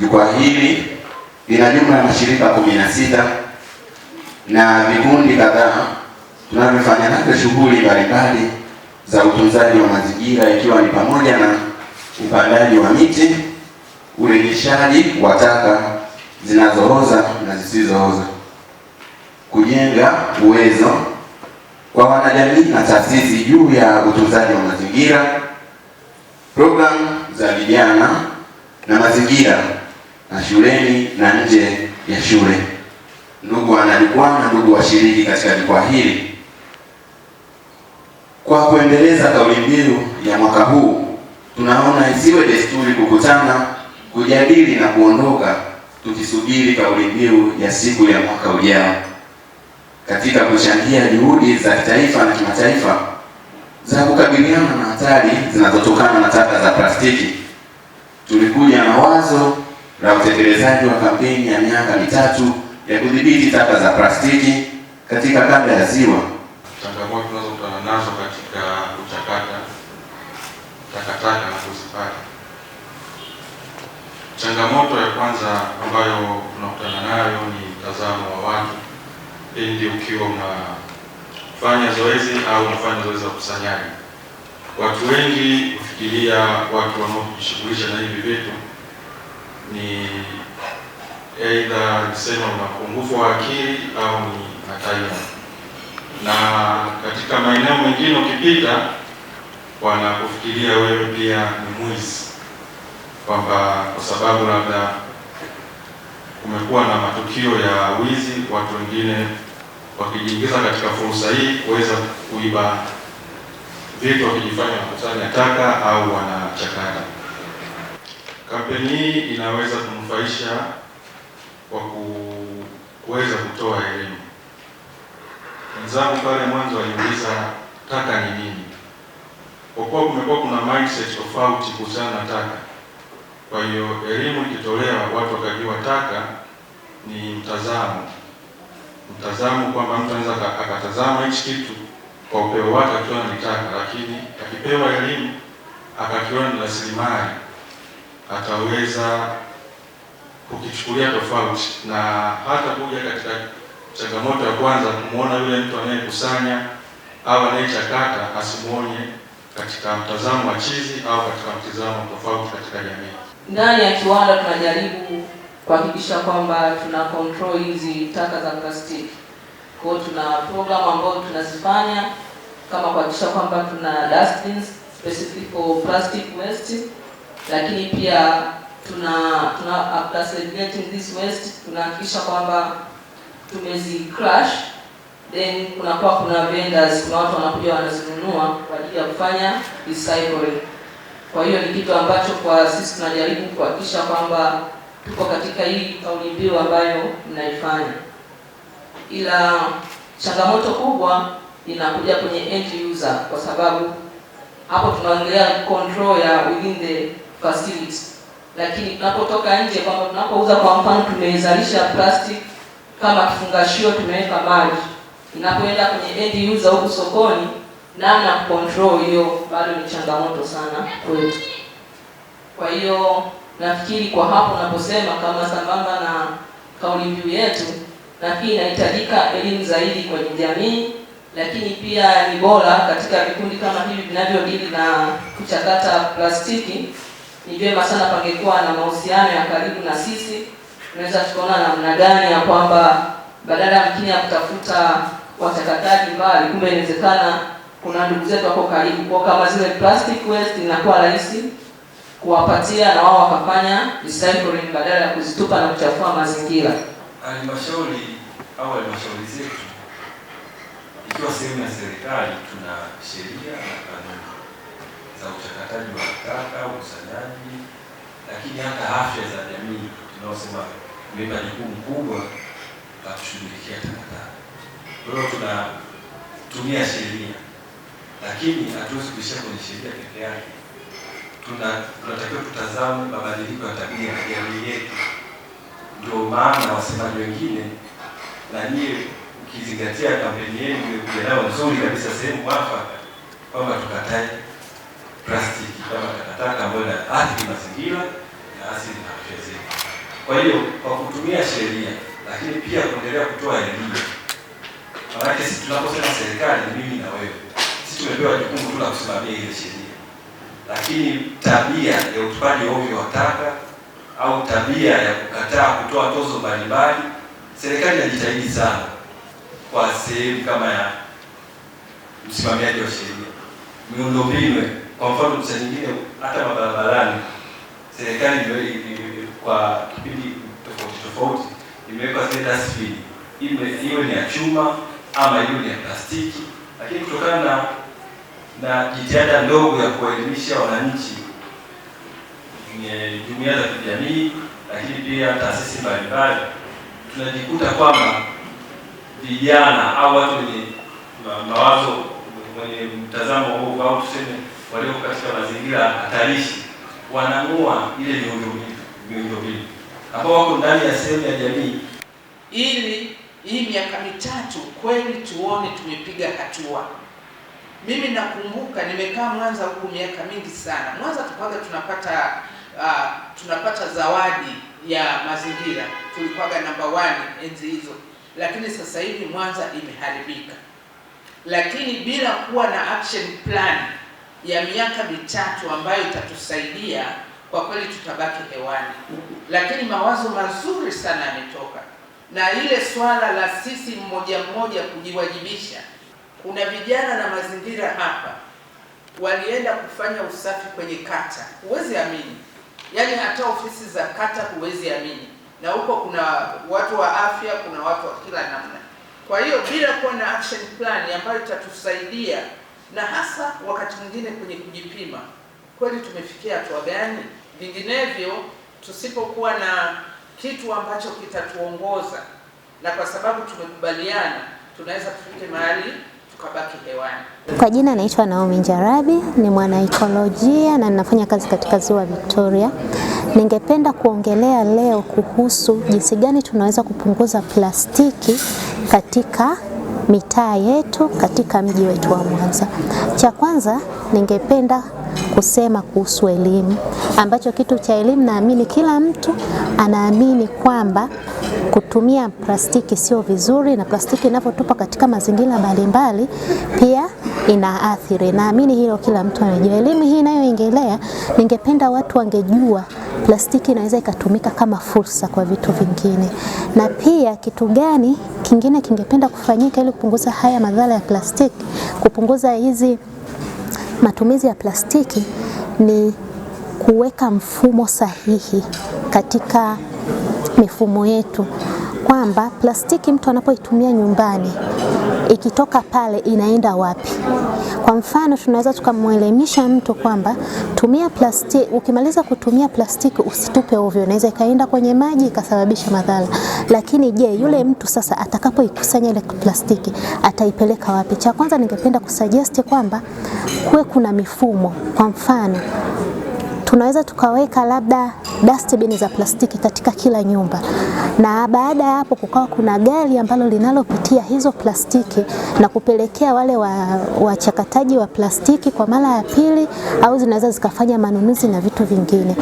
Jukwaa hili lina jumla ya mashirika kumi na sita na vikundi kadhaa tunavyofanya navyo shughuli mbalimbali za utunzaji wa mazingira ikiwa ni pamoja na upandaji wa miti, urejeshaji wa taka zinazooza na zisizooza, kujenga uwezo kwa wanajamii na taasisi juu ya utunzaji wa mazingira, programu za vijana na mazingira na shuleni na nje ya shule. Ndugu wanajukwaa ndugu washiriki katika jukwaa hili, kwa kuendeleza kauli mbiu ya mwaka huu, tunaona isiwe desturi kukutana, kujadili na kuondoka tukisubiri kauli mbiu ya siku ya mwaka ujao, katika kuchangia juhudi za taifa na kimataifa za kukabiliana na hatari zinazotokana na taka za plastiki, tulikuja na wazo na utekelezaji wa kampeni ya miaka mitatu ya kudhibiti taka za plastiki katika kanda ya Ziwa. Changamoto tunazokutana nazo katika kuchakata takataka na kuzipata, changamoto ya kwanza ambayo tunakutana nayo ni mtazamo wa watu pindi ukiwa unafanya zoezi au unafanya zoezi la kusanyaji. watu wengi hufikiria watu wanaojishughulisha na hivi vitu ni aidha nisema mapungufu wa akili au ni ataia, na katika maeneo mengine ukipita wanakufikiria wewe pia ni mwizi, kwamba kwa sababu labda kumekuwa na matukio ya wizi, watu wengine wakijiingiza katika fursa hii kuweza kuiba vitu wakijifanya wakusanya taka au wanachakata Kampeni hii inaweza kunufaisha kwa kuweza kutoa elimu. Wenzangu pale mwanzo waliuliza taka ni nini, kwa kuwa kumekuwa kuna mindset tofauti kuhusiana na taka. Kwa hiyo elimu ikitolewa, watu wakajua taka ni mtazamo, mtazamo kwamba mtu anaweza akatazama hichi kitu kwa upeo wake akiona ni taka, lakini akipewa elimu akakiona ni rasilimali ataweza kukichukulia tofauti, na hata kuja katika changamoto ya kwanza kumwona yule mtu anayekusanya au anayechakata asimuone katika mtazamo wa chizi au katika mtazamo tofauti katika jamii. Ndani ya kiwanda tunajaribu kuhakikisha kwamba tuna control hizi taka za plastiki. Kwa hiyo tuna program ambayo tunazifanya kama kuhakikisha kwamba tuna dustbins specific for plastic waste lakini pia tuna tuna after segregating this waste tunahakikisha kwamba tumezi crush then kunakuwa kuna vendors, kuna watu wanakuja wanazinunua kwa ajili ya kufanya recycling. Kwa hiyo ni kitu ambacho kwa sisi tunajaribu kuhakikisha kwamba tuko katika hii kauli mbiu ambayo mnaifanya, ila changamoto kubwa inakuja kwenye end user, kwa sababu hapo tunaongelea control ya within the facilities, lakini tunapotoka nje, kwamba tunapouza, kwa mfano, tumezalisha plastic kama kifungashio, tumeweka maji, inapoenda kwenye end user huku sokoni, namna control hiyo bado ni changamoto sana kwetu. Kwa hiyo nafikiri kwa hapo naposema, kama sambamba na kauli mbiu yetu, nafikiri inahitajika elimu zaidi kwenye jamii lakini pia ni bora katika vikundi kama hivi vinavyodili na kuchakata plastiki ni vyema sana pangekuwa na mahusiano ya karibu na sisi, tunaweza tukaona namna gani ya kwamba badala ya mkini ya kutafuta watakataji mbali, kumbe inawezekana kuna ndugu zetu wako karibu kwa kama zile plastic waste inakuwa rahisi kuwapatia na wao wakafanya recycling badala ya kuzitupa na kuchafua mazingira. Halmashauri au halmashauri zetu ikiwa sehemu ya serikali, tuna sheria na kanuni za uchakataji wa taka, ukusanyaji, lakini hata afya za jamii tunaosema imebeba jukumu kubwa la kushughulikia takataka. Kwa hiyo tunatumia sheria, lakini hatuwezi kuishia kwenye sheria peke yake. Tunatakiwa kutazama mabadiliko ya tabia ya jamii yetu. Ndio maana wasemaji wengine na nyie ukizingatia kampeni yenu ilikuja nayo nzuri kabisa sehemu mwafaka kwamba tukatae plastiki kama takataka ambayo inaathiri mazingira na asili na afya zetu. Kwa hiyo kwa kutumia sheria, lakini pia kuendelea kutoa elimu, maanake sisi tunaposema serikali ni mimi na wewe, sisi tumepewa jukumu tu la kusimamia ile sheria, lakini tabia ya utupaji ovyo wa taka au tabia ya kukataa kutoa tozo mbalimbali, serikali inajitahidi sana kwa sehemu kama ya msimamiaji wa sheria, miundombinu kwa mfano saa nyingine hata mabarabarani serikali kwa kipindi tofauti tofauti imewekwa zile dustbin, hiyo ni ya chuma ama hiyo ni ya plastiki, lakini kutokana na na jitihada ndogo ya kuwaelimisha wananchi, eh, jumuiya za kijamii, lakini pia taasisi mbalimbali, tunajikuta kwamba vijana au watu wenye mawazo wenye mtazamo huu au tuseme walio katika mazingira hatarishi wanang'oa ile miundombinu ambao wako ndani ya sehemu ya jamii, ili hii miaka mitatu kweli tuone tumepiga hatua. Mimi nakumbuka nimekaa Mwanza huku miaka mingi sana. Mwanza tupaga tunapata uh, tunapata zawadi ya mazingira, tulikuwaga namba 1 enzi hizo, lakini sasa hivi Mwanza imeharibika, lakini bila kuwa na action plan ya miaka mitatu ambayo itatusaidia kwa kweli, tutabaki hewani, lakini mawazo mazuri sana yametoka, na ile swala la sisi mmoja mmoja kujiwajibisha. Kuna vijana na mazingira hapa walienda kufanya usafi kwenye kata, huwezi amini, yaani hata ofisi za kata huwezi amini, na huko kuna watu wa afya, kuna watu wa kila namna. Kwa hiyo bila kuwa na action plan ambayo itatusaidia na hasa wakati mwingine kwenye kujipima, kweli tumefikia hatua gani? Vinginevyo tusipokuwa na kitu ambacho kitatuongoza, na kwa sababu tumekubaliana, tunaweza tufike mahali tukabaki hewani. Kwa jina naitwa Naomi Njarabi, ni mwanaekolojia na ninafanya kazi katika Ziwa Victoria. Ningependa kuongelea leo kuhusu jinsi gani tunaweza kupunguza plastiki katika mitaa yetu katika mji wetu wa Mwanza. Cha kwanza ningependa kusema kuhusu elimu, ambacho kitu cha elimu naamini kila mtu anaamini kwamba kutumia plastiki sio vizuri, na plastiki inapotupa katika mazingira mbalimbali pia inaathiri. Naamini hilo kila mtu anajua. Elimu hii inayoendelea, ningependa watu wangejua plastiki inaweza ikatumika kama fursa kwa vitu vingine, na pia kitu gani kingine kingependa kufanyika ili kupunguza haya madhara ya plastiki, kupunguza hizi matumizi ya plastiki ni kuweka mfumo sahihi katika mifumo yetu kwamba plastiki mtu anapoitumia nyumbani ikitoka pale inaenda wapi? Kwa mfano, tunaweza tukamwelimisha mtu kwamba tumia plastiki, ukimaliza kutumia plastiki usitupe ovyo, inaweza ikaenda kwenye maji ikasababisha madhara. Lakini je, yule mtu sasa atakapoikusanya ile plastiki ataipeleka wapi? Cha kwanza ningependa kusuggest kwamba kuwe kuna mifumo, kwa mfano tunaweza tukaweka labda dustbin za plastiki katika kila nyumba, na baada ya hapo kukawa kuna gari ambalo linalopitia hizo plastiki na kupelekea wale wachakataji wa, wa plastiki kwa mara ya pili, au zinaweza zikafanya manunuzi na vitu vingine.